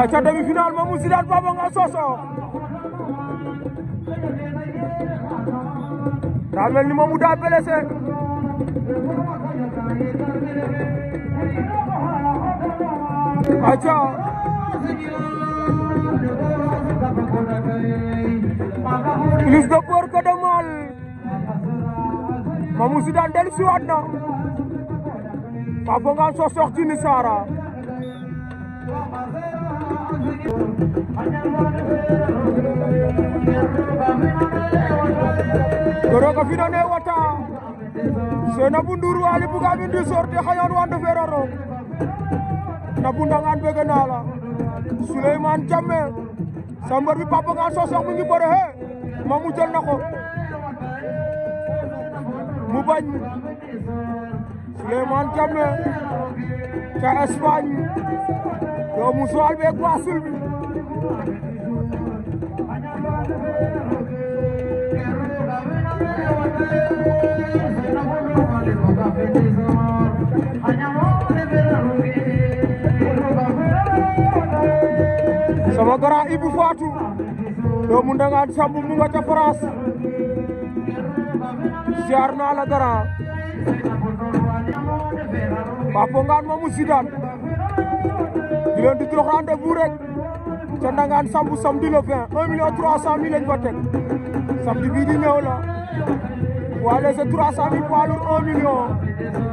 aca demi-finale Mamou Zidane Baba Nga Sossokh daa mel ni Mamou daa blessé aca plus de peur que de mal Mamou Zidane dellusiwaat na Baba Nga Sossokh ci ni saara Goro ko fi nane wata Senabu ali buga min di sorti hayan wande feraro Nabu ndangan bege nala Sulaiman Jamme Sambar bi papa ngan sosok mingi bore he Mamu jel nako Sulaiman Jamme Ke Espany doomu Joal sama grand Ibou Fatou doomu Ndangaan Samb mu nga ca France ziar naa la grand Papa Ngane moomu Zidane di leen di jox rendez-vous rek ca Ndangaan Samb samedi le 20 1 million 300 mille lañ ko teg la waa les 300 mille poids lourd million.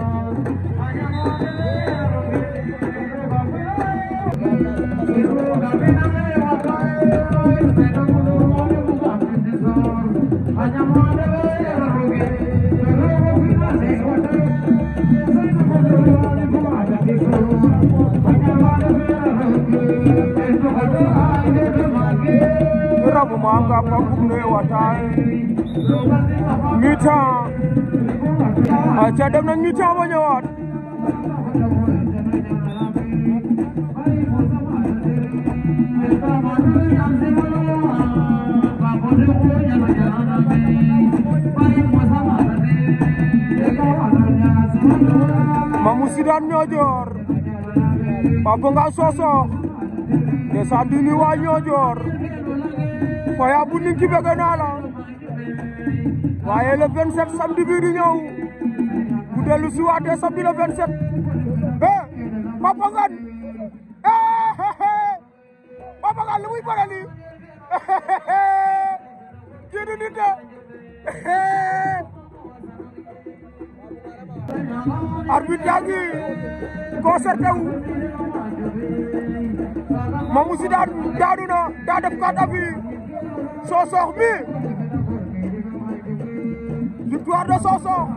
rabu manga pakumne watai Mabonga Soso, Desa ya, Dini jor Faya Buning Kibeganala, waaye le 27 samedi bii di ñëw udah dellu desa waatee samedi le 27 eh Papa li eh Papa he lu muy bëre Eh, he he arbitre yaa ngi concerté wu Mamou na daa def kat afi Sokh victoire de Sokh